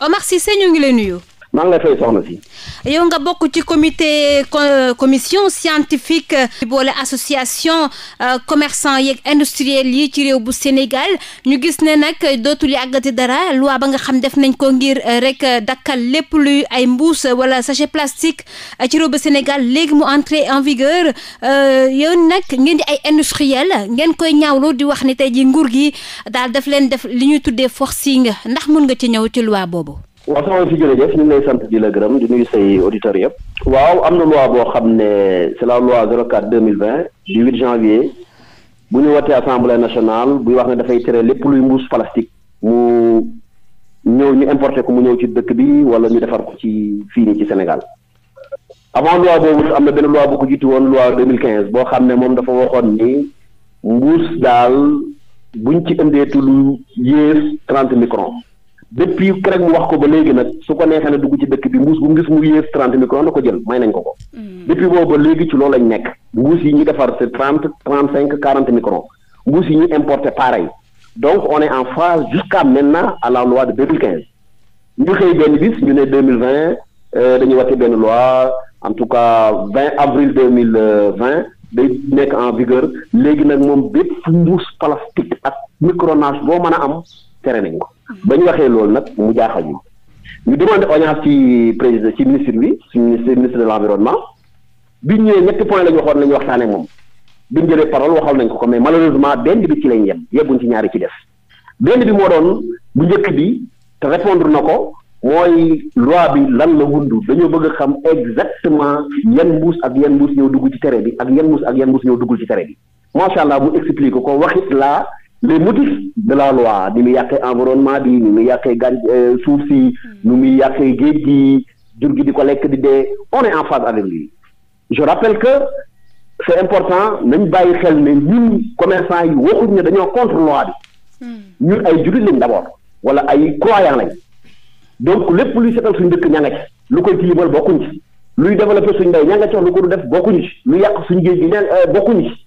Omar Cissé ñu ngi lay nuyu. maa ngi lay yow nga bokk ci comité commission scientifique boole association euh, commerçant yeeg industriel yi ci réew bu Sénégal ñu gis ne nag dootul yàggati dara luwaa ba nga xam def nañ ko ngir euh, rek dakkal lépp luy ay mbuus wala sachet plastique euh, ci réew bu Sénégal léegi mu entré en vigueur yow nag ngeen di ay industriel ngeen koy ñaawlu di wax ni tey ji nguur gi daal def leen def li ñuy tuddee forcing ndax mun nga ci ñëw ci luwaa boobu. waaw soxna jërëjëf ñu ngi lay sant di gërëm di nuyu say auditeurs yëpp. waaw am na loi boo xam ne c'est la loi mille 2020 du 8 janvier bu ñu wootee assemblée nationale buy wax ne dafay tere lépp luy mbuus plastique mu ñëw ñu importé ko mu ñëw ci dëkk bi wala ñu defar ko ci fii nii ci Sénégal avant loi boobu am na benn loi bu ko jiitu woon loi 2015 boo xam ne moom dafa waxoon ni mbuus daal buñ ci ëndeetu lu yées 30 microns. depuis CREC mu wax ko ba léegi nag su ko neexee ne dugg ci dëkk bi mbuus bu mu gis mu yées trente micron na ko jël may nañ ko ko. Mm. depuis boobu léegi ci loolu lañ nekk. mbuus yi ñu defar c'est trente trente cinq quarante micron mbuus yi ñu importé pareil donc on est en phase jusqu'à maintenant à la loi de deux mille quinze. ñu benn bis ñu ne deux mille vingt euh, dañuy wàcce benn loi en tout cas vingt avril deux mille vingt day nekk en vigueur léegi nag moom bépp mbuus plastique ak micronage mën a am. tere nañ ko ba ñu waxee loolu nag mu jaaxal ñu ñu demandé audience ci président ci ministre bi ci ministre de l'environnement biñ ñëwee ñetti point la ñu waxoon nañu waxtaanee moom biñ jëlee parole waxal nañ ko ko mais malheureusement benn bi ci lañ yem yegguñ ci ñaari ci def benn bi moo doon bu njëkk bi te répondre na ko mooy loi bi lan la wundu dañoo bëgg a xam exactement yan mbuus ak yan mbuus ñëw dugg ci tere bi ak yan mbuus ak yan mbuus ñëw dugg ci tere les motifs de la loi ni mu yàqee environnement bi ni muy yàqee gàn euh, suuf si ni muy yàqee géej gi jur gi di ko lekk di dee on est en phase avec lui je rappelle que c' important nañ bàyyi xel ne ñun commerçant yi waxuñ ne dañoo contre loi bi ñun ay jullit lañ d' abord wala ay croyant lañ donc lépp luy setal suñu dëkk ña nga ci lu koy tilimal bokkuñ ci luy développé suñu mbay ña nga ci wax lu ko du def bokkuñ ci lu yàq suñ géej gi ña euh, bokkuñ ci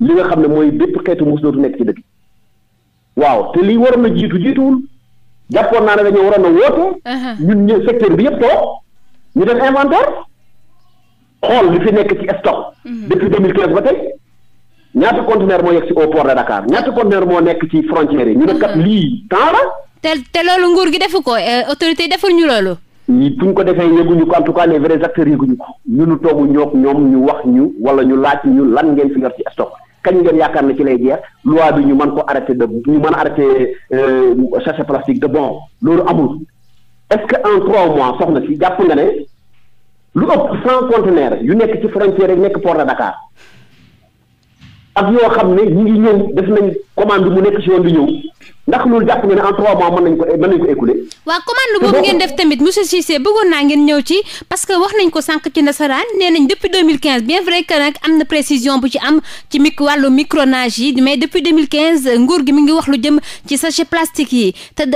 li nga xam ne mooy bépp xeetu muus dootu nekk ci dëkk waaw te li waroon na jiitu jiituwul jàppoon naa ne dañoo waroon na woote. Uh-huh. ñun ñë secteur bi yëpp toog ñu def inventaire xool li fi nekk ci stock. Uh-huh. depuis 2015 ba tey ñaata conteneur moo yegg si au port de Dakar ñaata conteneur moo nekk ci frontière yi. ñu ne kat uh-huh. lii temps la. te te loolu nguur gi defu ko eh, autorité yi ñu loolu. ñi buñ ko defee yëguñu ko en tout cas les vrais acteurs yëguñu ko ñunu toogu ñu wax ñu wala ñu laaj ñu lan ngeen fi yor ci stock. kañ ngeen yaakaar ne ci lay jeex loi bi ñu mën ko arrêté de ñu mën a arrêté euh, sachet plastique de bon loolu amul est-ce que en trois mois soxna si jàpp nga ne lu ëpp cent conteneurs yu nekk ci frontière yi nekk port de Dakar ak yoo xam ne ñu ngi ñëw def nañ commande mu nekk si yoon bi ñëw ndax loolu jàpp nga ne en mën nañ ko mën nañ ko boobu ngeen def tamit monsieur Cissé bëggoon naa ngeen ñëw ci parce que wax nañ ko sànq ci nasaraan nee nañ depuis 2015 bien vrai que nag am na précision bu ci am ci micro wàllu micronage yi mais depuis 2015 nguur gi mi ngi wax lu jëm ci sachet plastique yi te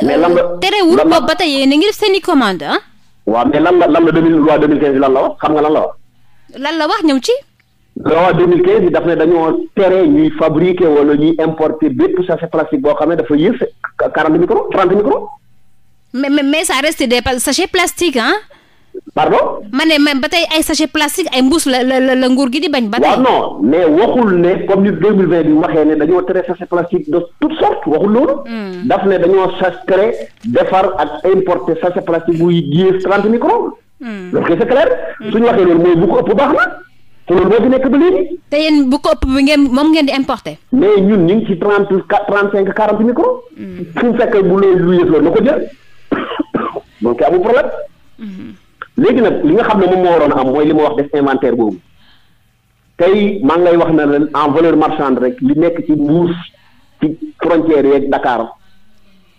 terewul boobu ba tey yéen a ngi def i commande ah waaw mais lan la lan la 2000 loi 2015 lan la wax la wax lan la wax ñëw ci loi 2015 bi daf ne dañoo tere ñuy fabriquer wala ñuy importer bépp sachet plastique boo xam ne dafa yées quarante microns trente microns. mais sa ça reste des sachets plastiques ah. pardon. ma ne ba tey ay sachet plastique ay mbuus la la la nguur gi di bañ. ba tey waaw non mais waxul ne comme ni 2020 bi waxee ne dañoo tere sachet plastique de toutes sortes waxul loolu. Hmm. daf ne dañoo tere defar ak importer sachet plastique buy yées trente microns. Hmm. loolu kay c'est clair. Hmm. suñu waxee bu ko ëpp te loolu moo fi nekk ba léegi. te bu ko ëpp bi ngeen moom ngeen di importer. mais ñun ñu ngi ci trente trente cinq quarante micro. fu mu fekkee bu looy lu yëf loolu na ko jël donc kii amul problème. Mm-hmm. léegi nag li nga xam ne moom moo waroon am mooy li ma wax def inventaire boobu tey maa ngi lay wax na leen en valeur marchande rek li nekk ci muus ci frontière yeeg Dakar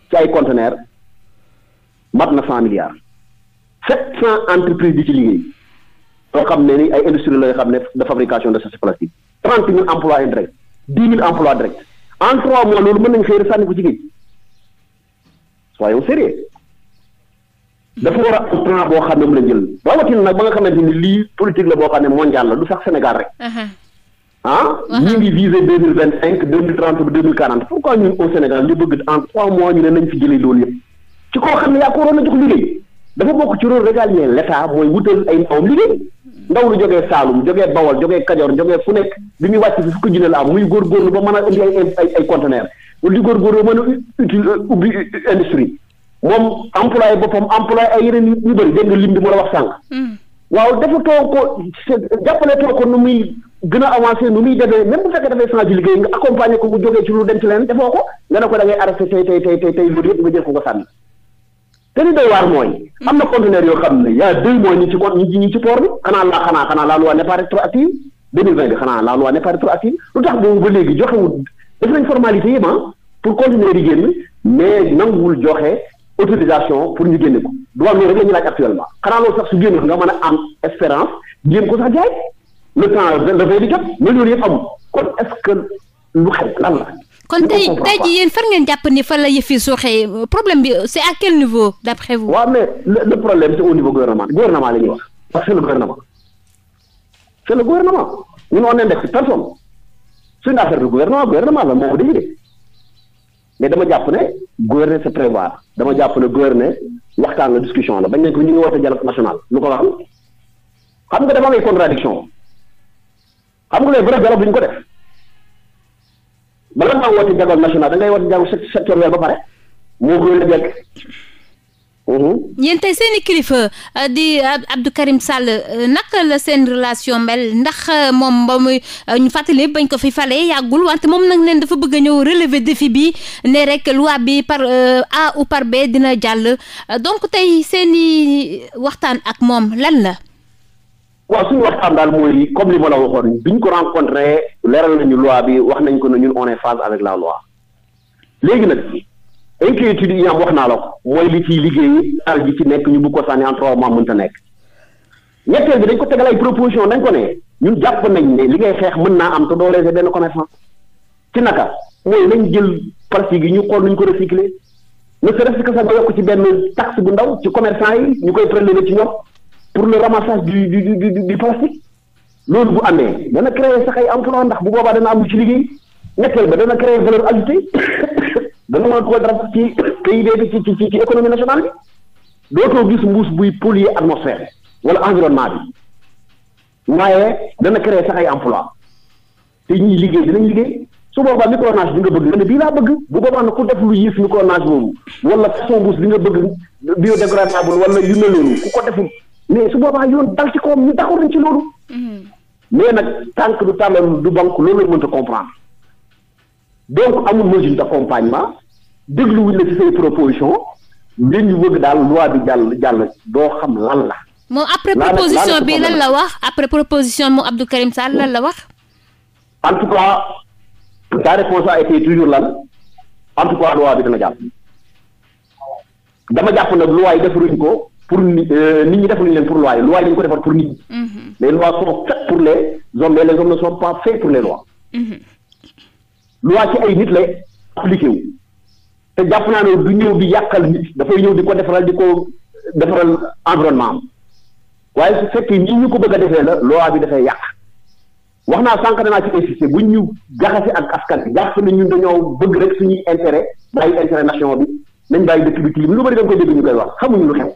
ci ay conteneurs mat na cent milliards sept cent entreprises di ci liggéey. yoo xam ne ay industrie la yoo xam ne de fabrication de sachet plastique trente mille emplois indirects dix mille emplois directs en trois mois loolu mën nañu xëy sànni ko jigéen dafa war a am boo xam ne mu la jël rawatina nag ba nga xamante ni lii politique la boo xam ne mondial la du sax Sénégal rek uh-huh. ah uh-huh. ñu ngi visé deux mille vingt cinq deux mille trente ba deux mille quarante pourquoi ñun au Sénégal ñu bëgg en trois mois ñu ne nañ fi jëlee loolu yëpp ci koo xam ne yaa ko waroon a jox liggéey dafa mooy wutal ay ndawam ndaw lu jógee Saalum jógee Bawol jógee Kajoor jógee fu nekk bi muy wàcc fi fukki junne la am muy góorgóorlu ba mën a indi ay ay ay conteneur lu di góorgóorlu ba mën a uti ubbi industrie moom employé boppam employé ay yeneen yu bëri dégg nga lim bi mu la wax sànq. Hmm. waaw dafa too ko jàppale too ko nu muy gën a avancé nu muy demee même bu fekkee dafay changé liggéey nga accompagné ko mu jógee ci lu dem ci leneen defoo ko nga ne ko da ngay arrêté tey tey tey tey tey loolu yëpp nga jël ko nga sànni. te li doy waar mooy. Mm-hmm. am na conteneur yoo xam ne y' a deux mois ñu ci con ñu ci port bi xanaa la xanaa xanaa la loi n'est pas rétroactive 2020 bi xanaa la loi n'est rétroactive lu tax boobu ba léegi joxewul def nañ formalité yëpp ah, pour conteneur yi génn mais nanguwul joxe autorisation pour ñu génne ko droit loolu rek la ñu laaj actuellement xanaa loolu sax su génn nga mën a am espérance jéem ko sax jaay le temps le vingt di jot mais loolu yëpp kon est-ce lu xew la. kon tey tey jii yéen fan ngeen jàpp ni fa la yëfi suuxee problème bi c'est à quel niveau d'après vous. waaw mais le problème c'est au niveau gouvernement gouvernement la ñuy wax parce que c'est le gouvernement c'est le gouvernement ñun on indexe personne suñu affaire bi gouvernement gouvernement la moo ko décidé mais dama jàpp ne gouverner c'est prévoir dama jàpp ne gouverner waxtaan la discussion la bañ nañ ko ñu ngi woote dialogue national lu ko waxal xam nga dafa am contradiction xam nga les vrais dialogue duñ ko def. bala ngaa woote dialogue national da ngay woote dialogue sectoriel ba pare moo gën a jekk mhm. yéen tey seen i kilifa euh, di euh, Abdou Karim Sall euh, naka la seen relation mel ndax moom ba muy ñu fàttali bañ ko fi fale yàggul wante moom nag neen dafa bëgg a ñëw relever défi bi ne rek loi bi par A ou par B dina jàll donc tey seeni waxtaan ak moom lan la. waaw suñu waxtaan daal mooy comme li ma la waxoon bi ñu ko rencontré leeral nañu loi bi wax nañ ko ne ñun on est phase avec la loi léegi nag inquiétude yi am wax naa la ko mooy li ciy liggéey al ji ci nekk ñu bëgg ko sànni en trois mois mënta nekk ñetteel bi dañ ko tegal ay proposition dañ ko ne ñun jàpp nañ ne li ngay xeex mën naa am te doo léegi benn commerçant ci naka mooy nañ jël plastique yi ñu xool ñu ko recycler ne serait-ce que sax nga yokk ci benn ta bu ndaw yi ñu koy prélever ci ñoom. pour le ramassage du du du du plastique loolu bu amee dana créer sax ay emploi ndax bu boobaa dana am lu ci liggéey ñetteel ba dana créer valeur ajoutée dana mën a dugal dara sax ci PIB bi ci ci ci économie nationale bi dootoo gis mbuus buy polluer atmosphère wala environnement bi waaye dana créer sax ay emploi te ñuy liggéey dinañ liggéey su boobaa micronage bi nga bëgg nga ne bii laa bëgg bu boobaa na ku def lu yées micronage boobu wala façon mbuus bi nga bëgg biodégradable wala yu mel noonu ku ko deful mais su boobaa yoon dal ci kawam ñu d'accord nañ ci loolu. Mm-hmm. mais nag tànk du tàllal du banque loolu la mënta comprendre donc amul mesure d'accompagnement dégluwuñ la ci say proposition li ñu bëgg daal loi bi jàll jàll doo xam lan la. moom après proposition bi lan la wax après proposition moom Abdou Karim Sall lan la wax. en tout cas sa réponse a été toujours lan en tout cas loi bi dana jàll dama jàpp nag loi yi defaruñ ko. pour euh, nit ñi defuñu leen pour loi yi loi yi dañu ko defar pour nit ñi. Mm-hmm. les lois sont faites pour les hommes mais les hommes ne sont pas faits pour les lois. Mm-hmm. loi ci ay nit lay appliqué wu. te jàpp naa ne du ñëw bi yàqal nit dafay ñëw di ko defaral di ko defaral environnement am waaye su fekkee nii ñu ko bëgg a defee la loi bi dafay yàq wax naa sànq naa ci insisté bu ñu jaxase ak askan bi jàpp ne ñun dañoo bëgg rek suñuy intérêt bàyyi intérêt nation bi nañ bàyyi dëkk bi lu bëri da nga ñu koy wax xamuñu lu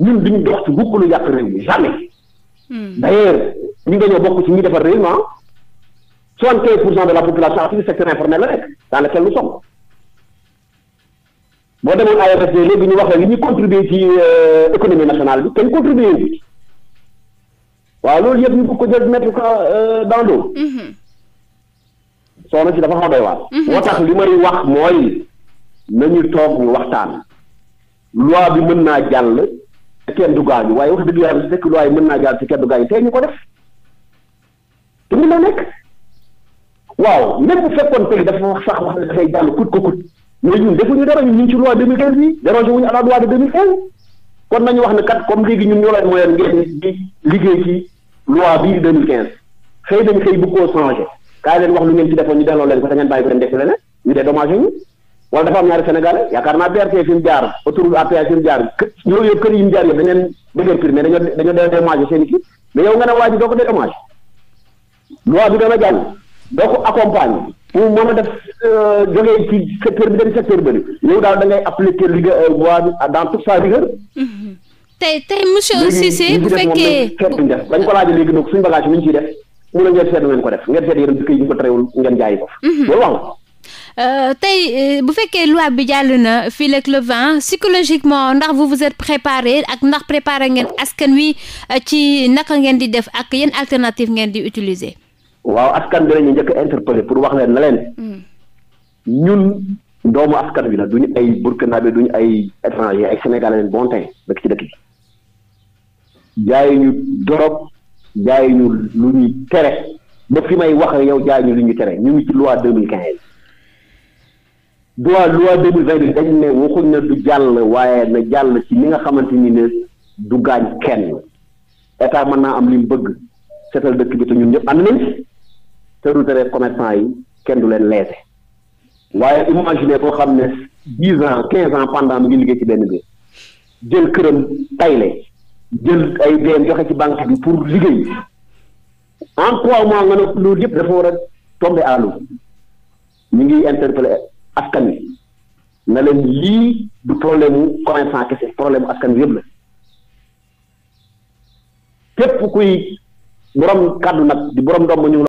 ñun duñu dox ci mukk lu yàq réew mi jamais. Hmm. d'ailleurs ñu dañoo bokk ci ñu defar réew mi ah. soixante quinze pour cent de la population ci secteur informel la nekk dans lequel wax la li ñuy contribuer ci euh, économie bi kenn contribuer waaw loolu yëpp ñu ko ko ko euh, dans l'eau hmm. soxna si dafa xaw doy waar hmm. moo tax li may wax mooy nañu toog ñu waxtaan loi bi mën naa jàll kenn du gaañu waaye wax dëgg yàlla su fekk lu waaye mën naa jaar ci kenn du gaañu tey ñu ko def te mën na nekk waaw même bu fekkoon tey dafa wax sax wax ne dafay jàll kut ko kut mais ñun defuñu dara ñu ngi ci loi 2015 bi dérogé wuñu à la loi de 2015 kon nañu wax ne kat comme léegi ñun ñoo leen mooy ngeen di liggéey ci loi bii 2015 xëy dañ xëy bu ko changé kaay leen wax lu ngeen ci defoon ñu delloo leen ko te bàyyi ko dem defi leneen ñu dee dommage wala dafa am ñaari sénégalais yaakaar naa BRT fi mu jaar autoroute à péage fi mu jaar juróom yëpp kër yi jaar yëpp dañ leen déguerpir mais dañoo dee hommage seen kii yow nga ne waa doo ko dee hommage loi bi dana jàll doo ko accompagne pour mën a def euh, jógee daal da ngay appliquer rigueur euh, loi bi dans sa rigueur mm-hmm. tey tey monsieur Cissé bu fekkee seetluñ def dañ ko laaj léegi donc suñu bagage yi ñu def mu ngeen seetlu ngeen ko def ngeen seet yéen dëkk yi ko ngeen jaayi ko mm-hmm. loolu wax Euh, tey euh, bu fekkee loi bi jàll na fii leeg le vent psychologiquement ndax vous vous êtes préparé ak ndax préparé ngeen askan wi euh, ci naka ngeen di def ak yenn alternative ngeen di utiliser. waaw askan bi la ñu njëkk a interpellé pour wax leen na leen. Hmm. ñun doomu askan wi la duñu ay burkinabé duñu ay étranger ay sénégalais leen bon tey dëkk ci dëkk bi. jaayuñu dorog ñu lu ñuy tere ba fi may wax yow jaayuñu lu ñuy tere ñu ngi ci loi deux mille quinze loi loi deux mille vingt bi dañ ne waxuñ na du jàll waaye na jàll ci li nga xamante ni ne du gaañ kenn état mën naa am li bëgg seetal dëkk bi te ñun ñëpp ànd nañ te du tere commerçant yi kenn du leen leese waaye imaginer koo xam ne dix ans quinze ans pendant mu ngi liggéey ci benn bi jël këram tayle jël ay deen joxe ci banque bi pour liggéey en trois mois nga loolu yëpp dafa war a tomber à ñu ngi interpeller askan wi na leen lii du problème mu commerçant kese problème askan wi yëpp la képp kuy borom kàddu nag di borom ndomb ñu